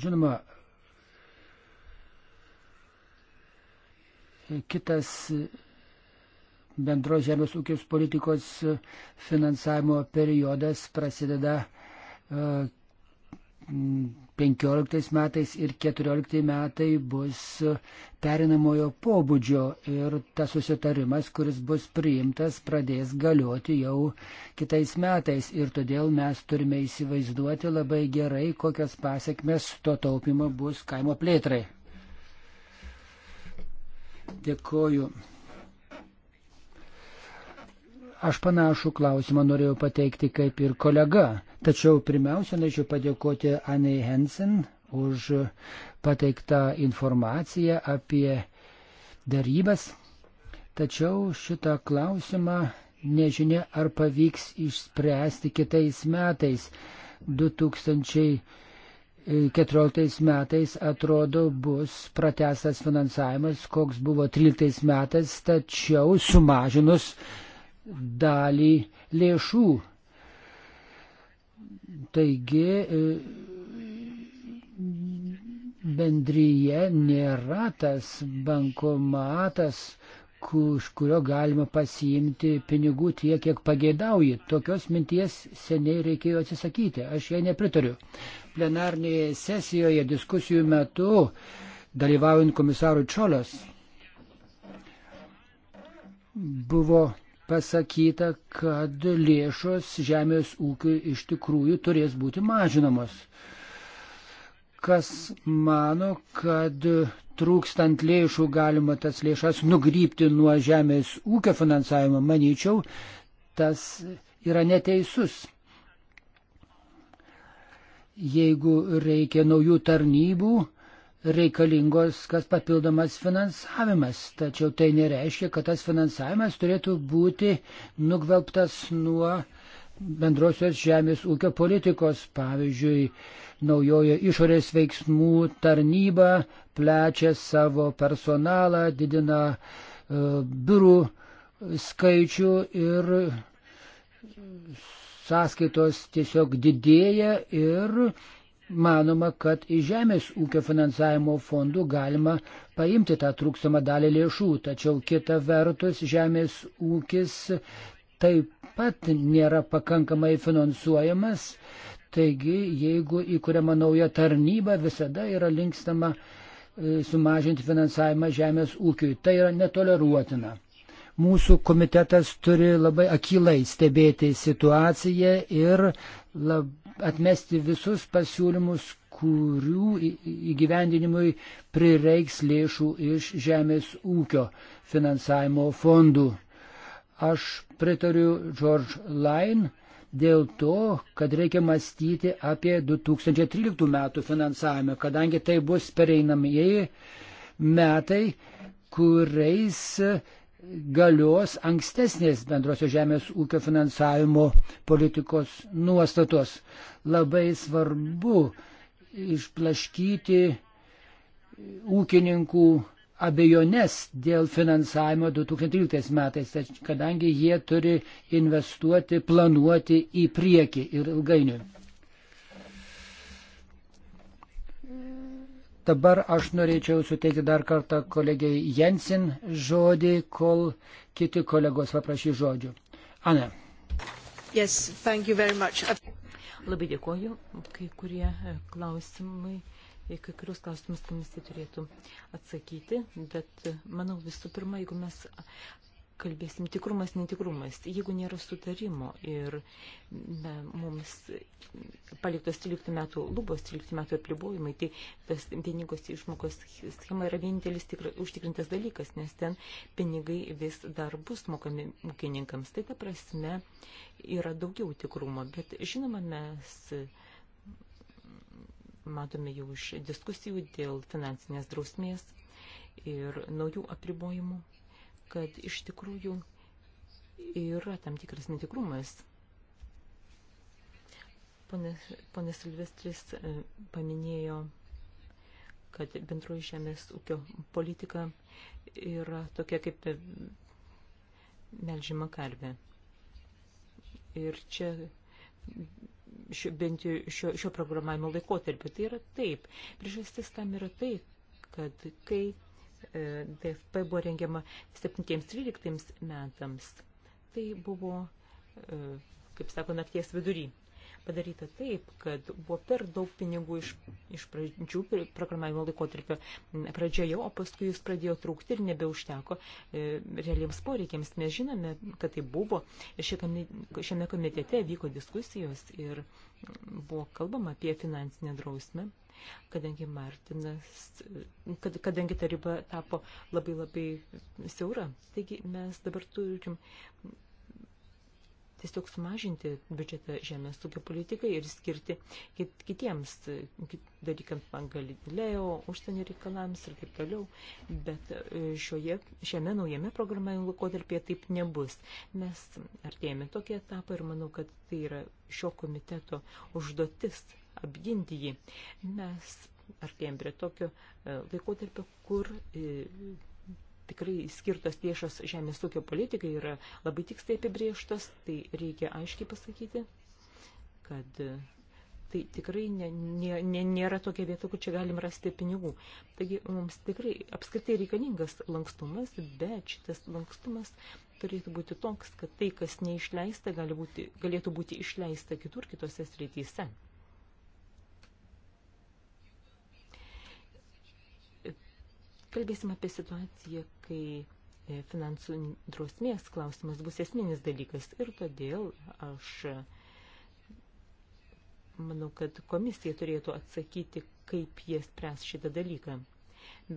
Žinoma, kitas bendros žemės ūkios politikos finansavimo periodas prasideda e, 15 metais ir 14 metai bus perinamojo pobūdžio ir tas susitarimas, kuris bus priimtas, pradės galioti jau kitais metais ir todėl mes turime įsivaizduoti labai gerai, kokias pasiekmes to taupimo bus kaimo plėtrai. Dėkoju. Aš panašų klausimą norėjau pateikti kaip ir kolega, tačiau pirmiausia, norėčiau padėkoti Anei Hensen už pateiktą informaciją apie darybas. Tačiau šitą klausimą nežinia, ar pavyks išspręsti kitais metais. 2014 metais atrodo bus pratestas finansavimas, koks buvo 13 metais, tačiau sumažinus dalį lėšų. Taigi e, bendryje nėra tas bankomatas, iš kurio galima pasiimti pinigų tiek, kiek pageidauji. Tokios minties seniai reikėjo atsisakyti. Aš jai nepritariu. Plenarnėje sesijoje diskusijų metu dalyvaujant komisarui Čiolas buvo pasakyta, kad lėšos žemės ūkiui iš tikrųjų turės būti mažinamos. Kas mano, kad trūkstant lėšų galima tas lėšas nugrypti nuo žemės ūkio finansavimo, manyčiau, tas yra neteisus. Jeigu reikia naujų tarnybų, reikalingos kas papildomas finansavimas, tačiau tai nereiškia, kad tas finansavimas turėtų būti nugvelbtas nuo bendrosios žemės ūkio politikos, pavyzdžiui, naujojo išorės veiksmų tarnyba plečia savo personalą, didina uh, biurų skaičių ir sąskaitos tiesiog didėja ir manoma, kad iš žemės ūkio finansavimo fondų galima paimti tą trūkstamą dalį lėšų, tačiau kita vertus žemės ūkis taip pat nėra pakankamai finansuojamas, taigi jeigu įkuriama nauja tarnyba, visada yra linkstama e, sumažinti finansavimą žemės ūkiui. Tai yra netoleruotina. Mūsų komitetas turi labai akilai stebėti situaciją ir labai atmesti visus pasiūlymus, kurių įgyvendinimui prireiks lėšų iš žemės ūkio finansavimo fondų. Aš pritariu George Line dėl to, kad reikia mąstyti apie 2013 metų finansavimą, kadangi tai bus pereinamieji metai, kuriais galios ankstesnės bendrosios žemės ūkio finansavimo politikos nuostatos. Labai svarbu išplaškyti ūkininkų abejones dėl finansavimo 2013 metais, kadangi jie turi investuoti, planuoti į priekį ir ilgainiui. Dabar aš norėčiau suteikti dar kartą kolegiai Jensin žodį, kol kiti kolegos paprašys žodžių. Ana. Yes, thank you very much. Labai dėkoju. Kai kurie e, klausimai, e, kai kurios klausimus komisija turėtų atsakyti, bet e, manau visų pirma, jeigu mes kalbėsim tikrumas, netikrumas. Jeigu nėra sutarimo ir na, mums paliktos 13 metų lubos, 13 metų apribojimai, tai tas vieningos išmokos schema yra vienintelis tikra, užtikrintas dalykas, nes ten pinigai vis dar bus mokami ūkininkams. Tai ta prasme yra daugiau tikrumo, bet žinoma mes matome jau iš diskusijų dėl finansinės drausmės ir naujų apribojimų kad iš tikrųjų yra tam tikras netikrumas. Pone Silvestris e, paminėjo, kad bendroji žemės ūkio politika yra tokia kaip e, melžima karvė. Ir čia šio, bent jau šio, šio programavimo laikotarpio tai yra taip. Priežastis tam yra tai, kad kai E, DFP buvo rengiama 7-13 metams. Tai buvo, e, kaip sako, nakties vidury. Padaryta taip, kad buvo per daug pinigų iš, iš pradžių, programavimo laikotarpio pradžioje, o paskui jis pradėjo trūkti ir nebeužteko e, realiems poreikiams. Mes žinome, kad tai buvo ir šiame, šiame komitete vyko diskusijos ir buvo kalbama apie finansinę drausmę kadangi Martinas, kad, kadangi ta riba tapo labai labai siaura. Taigi mes dabar turim tiesiog sumažinti biudžetą žemės ūkio politikai ir skirti kit, kitiems kit, dalykams, man galileo, užsienio reikalams ir taip toliau. Bet e, šioje, šiame naujame programavimo laikotarpėje taip nebus. Mes artėjame tokį etapą ir manau, kad tai yra šio komiteto užduotis apginti jį. Mes artėjame prie tokio e, laikotarpio, kur e, tikrai skirtos lėšos žemės ūkio politikai yra labai tiksliai apibrieštos, tai reikia aiškiai pasakyti, kad e, tai tikrai ne, ne, ne, nėra tokia vieta, kur čia galim rasti pinigų. Taigi mums tikrai apskritai reikalingas lankstumas, bet šitas lankstumas turėtų būti toks, kad tai, kas neišleista, gali būti, galėtų būti išleista kitur, kitose srityse. Kalbėsim apie situaciją, kai e, finansų drausmės klausimas bus esminis dalykas ir todėl aš manau, kad komisija turėtų atsakyti, kaip jie spręs šitą dalyką.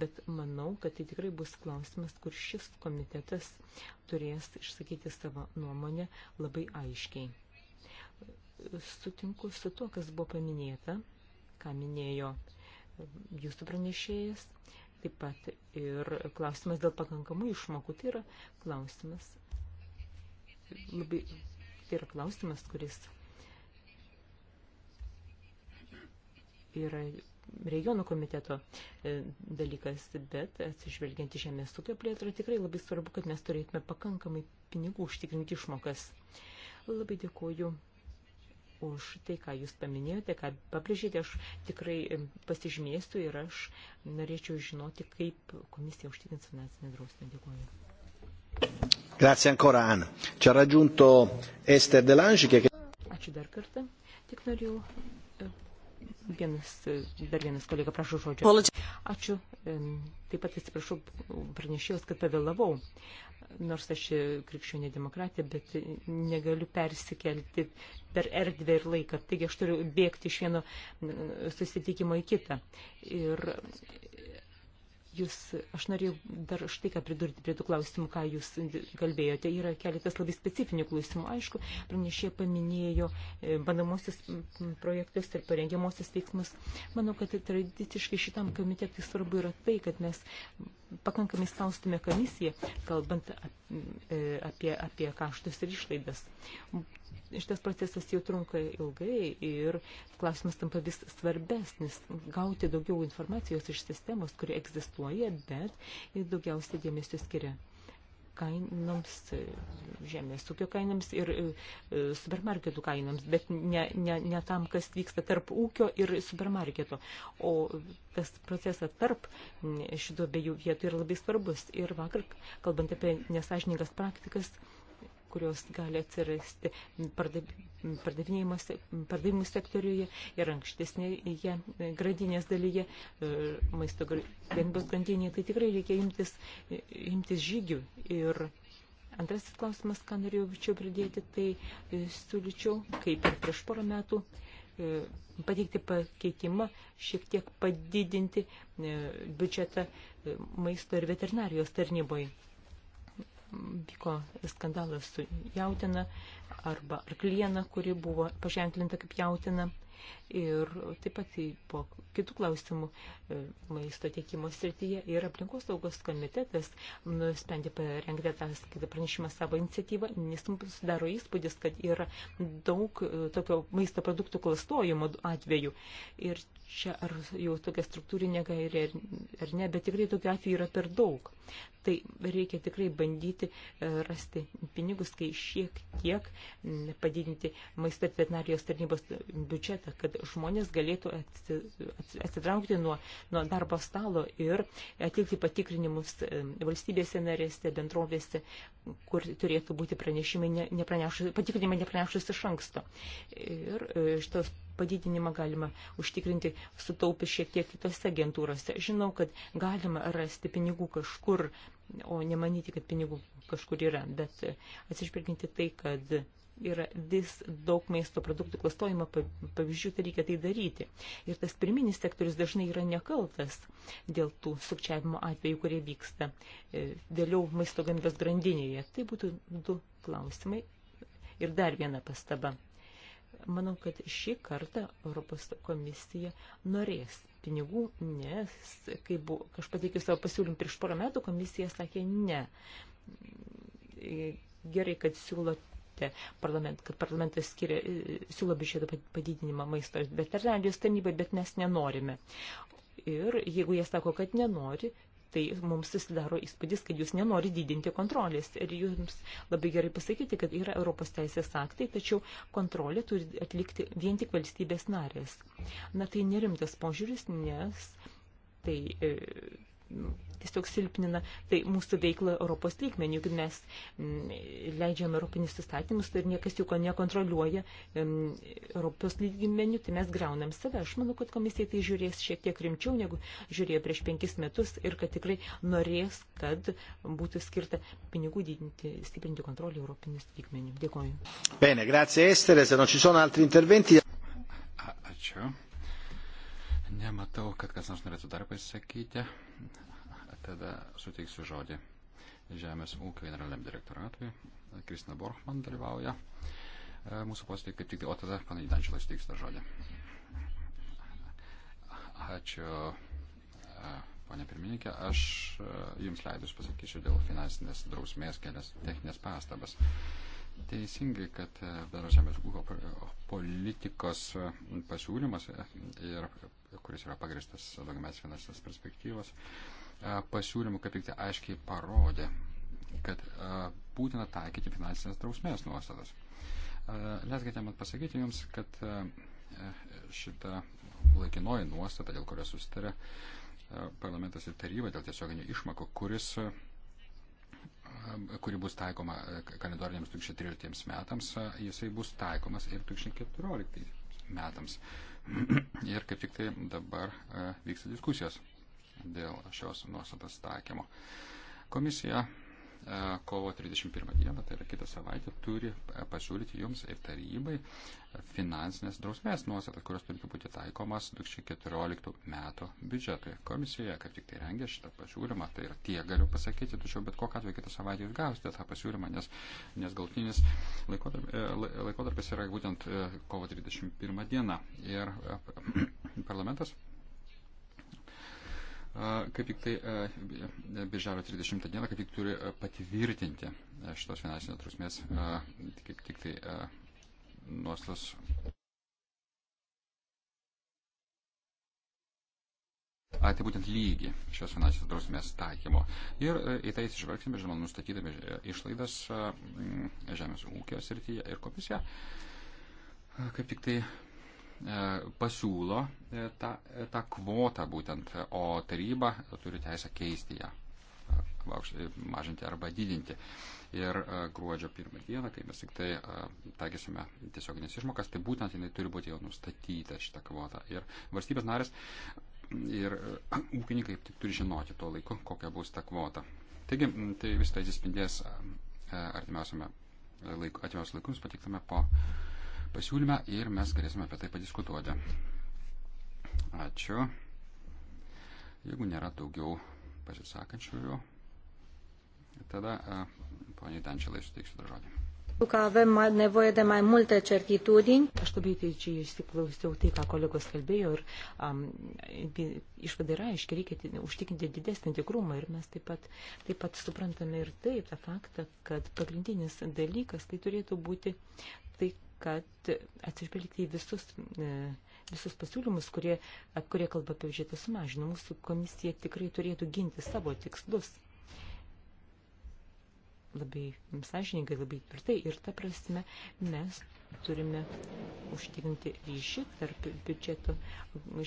Bet manau, kad tai tikrai bus klausimas, kur šis komitetas turės išsakyti savo nuomonę labai aiškiai. Sutinku su tuo, kas buvo paminėta, ką minėjo jūsų pranešėjas, Taip pat ir klausimas dėl pakankamų išmokų. Tai yra klausimas, labai, tai yra klausimas, kuris yra regionų komiteto e, dalykas, bet atsižvelgiant į žemės ūkio plėtrą, tikrai labai svarbu, kad mes turėtume pakankamai pinigų užtikrinti išmokas. Labai dėkuoju už tai, ką jūs paminėjote, ką pabrėžėte, aš tikrai pasižymėsiu ir aš norėčiau žinoti, kaip komisija užtikrins finansinę drausmę. Dėkuoju. Grazie ancora Anna. Ci ha raggiunto Ester Delange che... Ačiū dar kartą. Tik norėjau e, Vienas, dar vienas kolega, prašau žodžio. Ačiū. Taip pat atsiprašau pranešėjus, kad pavėlavau. Nors aš e, krikščionė demokratė, bet negaliu persikelti per erdvę ir laiką. Taigi aš turiu bėgti iš vieno susitikimo į kitą. Ir Jūs, aš norėjau dar štai ką pridurti prie tų klausimų, ką jūs kalbėjote. Yra keletas labai specifinių klausimų. Aišku, pranešė paminėjo e, bandomosius projektus ir parengiamosius veiksmus. Manau, kad tradiciškai šitam komitetui svarbu yra tai, kad mes pakankamai spaustume komisiją, kalbant e, apie, apie kaštus ir išlaidas. Šitas procesas jau trunka ilgai ir klausimas tampa vis svarbesnis - gauti daugiau informacijos iš sistemos, kuri egzistuoja, bet daugiausia dėmesio skiria kainoms, žemės ūkio kainoms ir e, e, supermarketų kainoms, bet ne, ne, ne tam, kas vyksta tarp ūkio ir supermarketo. O tas procesas tarp šitų abiejų vietų yra labai svarbus. Ir vakar, kalbant apie nesažininkas praktikas, kurios gali atsirasti pardavimų sektoriuje ir ankštesnėje gradinės dalyje, e, maisto gamybos grandinėje, tai tikrai reikia imtis, imtis žygių. Ir antrasis klausimas, ką norėjau čia pridėti, tai e, siūlyčiau, kaip ir prieš porą metų, e, pateikti pakeitimą, šiek tiek padidinti biudžetą maisto ir veterinarijos tarnyboje vyko skandalas su jautina arba arkliena, kuri buvo paženklinta kaip jautina ir taip pat tai po kitų klausimų e, maisto tiekimo srityje ir aplinkos saugos komitetas nusprendė parengti tą skaitą pranešimą savo iniciatyvą, nes mums sudaro įspūdis, kad yra daug e, tokio maisto produktų klastojimo atveju. Ir čia ar jau tokia struktūrinė gairė ar ne, bet tikrai tokių atvejų yra per daug. Tai reikia tikrai bandyti e, rasti pinigus, kai šiek tiek padidinti maisto veterinarijos tarnybos biudžetą kad žmonės galėtų atsitraukti nuo, nuo darbo stalo ir atlikti patikrinimus valstybėse narėse, bendrovėse, kur turėtų būti pranešimai nepranešus, patikrinimai nepranešus iš anksto. Ir e, šitas padidinimą galima užtikrinti sutaupę šiek tiek kitose agentūrose. Žinau, kad galima rasti pinigų kažkur, o nemanyti, kad pinigų kažkur yra, bet e, atsižvelginti tai, kad yra vis daug maisto produktų klastojimo pavyzdžių, tai reikia tai daryti. Ir tas pirminis sektorius dažnai yra nekaltas dėl tų sukčiavimo atvejų, kurie vyksta e, vėliau maisto gamybos grandinėje. Tai būtų du klausimai ir dar viena pastaba. Manau, kad šį kartą Europos komisija norės pinigų, nes, kai buvo, aš pateikiau savo pasiūlymą prieš porą metų, komisija sakė ne e, gerai, kad siūlo biudžete, parlament, kad parlamentas skiria, e, siūlo biudžeto padidinimą maisto veterinarijos tarnybai, bet mes nenorime. Ir jeigu jie sako, kad nenori, tai mums susidaro įspūdis, kad jūs nenori didinti kontrolės. Ir jums labai gerai pasakyti, kad yra Europos teisės aktai, tačiau kontrolę turi atlikti vien tik valstybės narės. Na tai nerimtas požiūris, nes tai e, tiesiog silpnina tai mūsų veiklą Europos lygmenių, juk mes mm, leidžiam Europinius įstatymus tai ir niekas jų nekontroliuoja mm, Europos lygmenių, tai mes greunam save. Aš manau, kad komisija tai žiūrės šiek tiek rimčiau, negu žiūrėjo prieš penkis metus ir kad tikrai norės, kad būtų skirta pinigų didinti, stiprinti kontrolį Europinius lygmenių. Dėkoju. Bene, grazie Estere, se non ci sono altri interventi. Ačiū. Nematau, kad kas nors norėtų dar pasisakyti. Tada suteiksiu žodį Žemės ūkio generaliniam direktoratui. Kristina Borchman dalyvauja e, mūsų posėdį kaip tik, o tada panai Dančilas teiks tą žodį. Ačiū, e, ponė pirmininkė. Aš e, jums leidus pasakysiu dėl finansinės drausmės kelias techninės pastabas teisingai, kad e, bendros žemės ūkio politikos e, pasiūlymas, e, ir, kuris yra pagristas daugiamės finansinės perspektyvos, pasiūlymų kaip tik tai aiškiai parodė, kad būtina taikyti finansinės drausmės nuostatas. Leiskite man pasakyti Jums, kad šita laikinoji nuostata, dėl kurios susitarė parlamentas ir taryba dėl tiesioginių išmokų, kuris kuri bus taikoma e, kalendoriniams 2013 metams, e, jisai bus taikomas ir 2014 metams. ir kaip tik tai dabar e, vyksta diskusijos dėl šios nuostatos taikymo. Komisija E, kovo 31 dieną, tai yra kitą savaitę, turi pasiūlyti jums ir tarybai finansinės drausmės nuostatas, kurios turėtų būti taikomas 2014 metų biudžetui. Komisija, kaip tik tai rengė šitą pasiūlymą, tai yra tie galiu pasakyti, tačiau bet kokią atveju kitą savaitę jūs gausite tą pasiūlymą, nes, nes galtinis e, laikotarpis yra būtent e, kovo 31 diena. Ir parlamentas kaip tik tai birželio 30 dieną, kaip tik turi patvirtinti šitos finansinės trusmės, kaip tik tai nuostos. A, tai būtent lygį šios finansinės drausmės taikymo. Ir į tai išvelgsime, žinoma, nustatydami išlaidas žemės ūkio srityje ir komisija. Kaip tik tai E, pasiūlo e, tą, e, tą kvotą būtent, o taryba turi teisę keisti ją, mažinti arba didinti. Ir gruodžio pirmą dieną, kai mes tik tai taikysime tiesioginės išmokas, tai būtent jinai turi būti jau nustatyta šitą kvotą. Ir valstybės narės ir ūkininkai tik turi žinoti tuo laiku, kokia bus ta kvota. Taigi, tai vis tai atsispindės artimiausiame laiku, atimiausiu laiku jums patiktame po pasiūlymą ir mes galėsime apie tai padiskutuoti. Ačiū. Jeigu nėra daugiau pasisakančiųjų, tada e, poniai Dančelai suteiksiu dar žodį. Că avem nevoie de mai multe certitudini. Aš labai atidžiai išsiklausiau tai, ką kolegos kalbėjo ir um, išvada yra, aiškiai, reikia užtikinti didesnį tikrumą ir mes taip pat, taip pat suprantame ir taip tą faktą, kad pagrindinis dalykas tai turėtų būti tai, kad atsižvelgti į visus, e, visus pasiūlymus, kurie, kurie kalba apie biudžetą sumažinimą. Mūsų komisija tikrai turėtų ginti savo tikslus. Labai sąžininkai, labai tvirtai ir ta prasme mes turime užtikrinti ryšį tarp biudžeto,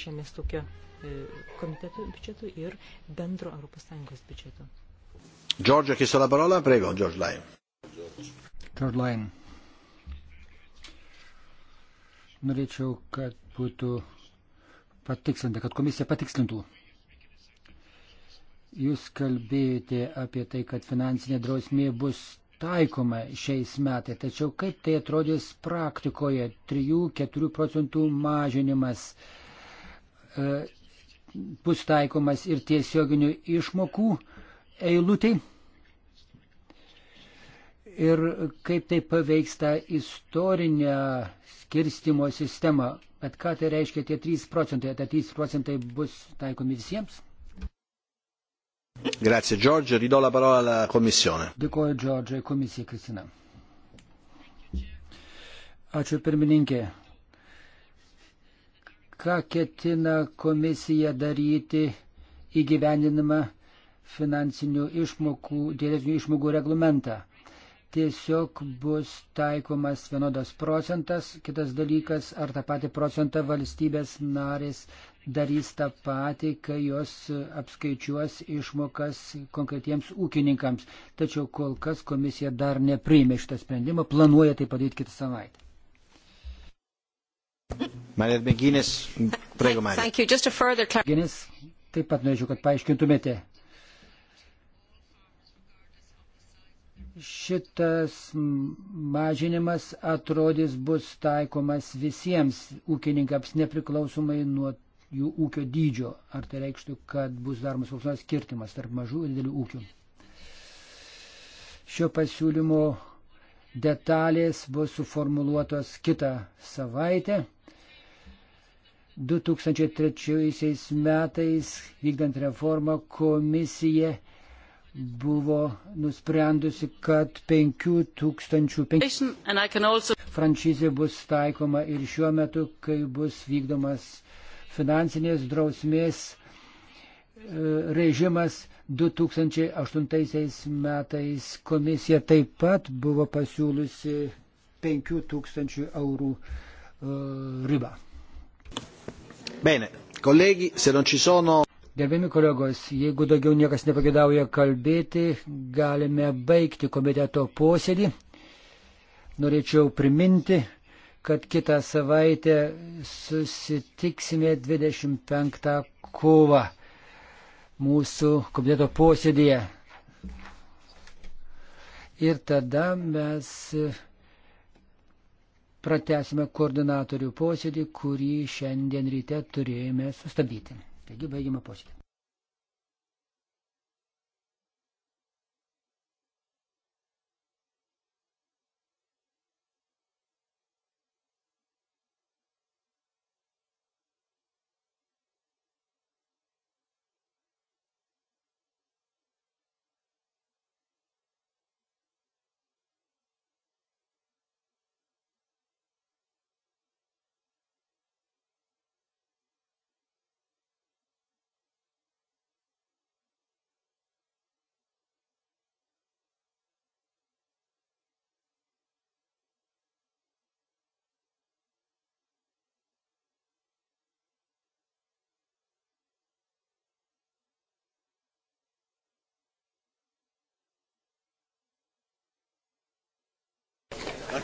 žemės tokio e, komiteto biudžeto ir bendro ES biudžeto. Giorgio, chi la parola? Prego, George Lyon. George, George Lyon. Norėčiau, kad būtų patikslinta, kad komisija patikslintų. Jūs kalbėjote apie tai, kad finansinė drausmė bus taikoma šiais metais, tačiau kaip tai atrodys praktikoje 3-4 procentų mažinimas e, bus taikomas ir tiesioginių išmokų eilutai ir kaip tai paveiks tą istorinę skirstimo sistemą. Bet ką tai reiškia tie 3 procentai? Ar 3 procentai bus taikomi visiems? Grazie Giorgio, ridò la parola alla Commissione. Dėkuoju Giorgio, Komisija Kristina. Ačiū pirmininkė. Ką ketina komisija daryti įgyvendinama finansinių išmokų, dėlesnių išmokų reglamentą? tiesiog bus taikomas vienodas procentas. Kitas dalykas, ar tą patį procentą valstybės narės darys tą patį, kai jos apskaičiuos išmokas konkretiems ūkininkams. Tačiau kol kas komisija dar nepriėmė šitą sprendimą, planuoja tai padaryti kitą savaitę. Marėt Beginės, praigo Marėt. Beginės, taip pat norėčiau, kad paaiškintumėte. šitas mažinimas atrodys bus taikomas visiems ūkininkams nepriklausomai nuo jų ūkio dydžio. Ar tai reikštų, kad bus daromas koks nors skirtimas tarp mažų ir didelių ūkių? Šio pasiūlymo detalės bus suformuluotos kitą savaitę. 2003 metais, vykdant reformą, komisija buvo nusprendusi, kad 5000 also... franšizė bus taikoma ir šiuo metu, kai bus vykdomas finansinės drausmės e, režimas 2008 metais komisija taip pat buvo pasiūlusi 5000 eurų uh, ribą. Bene, colleghi, se non ci sono Gerbiami kolegos, jeigu daugiau niekas nepagėdauja kalbėti, galime baigti komiteto posėdį. Norėčiau priminti, kad kitą savaitę susitiksime 25 kovą mūsų komiteto posėdėje. Ir tada mes pratesime koordinatorių posėdį, kurį šiandien ryte turėjome sustabdyti. Taigi baigiame posėdį.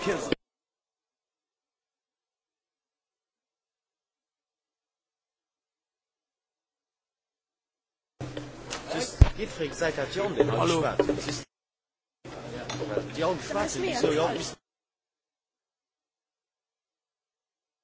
kids Dietfried, seit hat Jon den Augen schwarz. Jon schwarz, wieso Jon ist...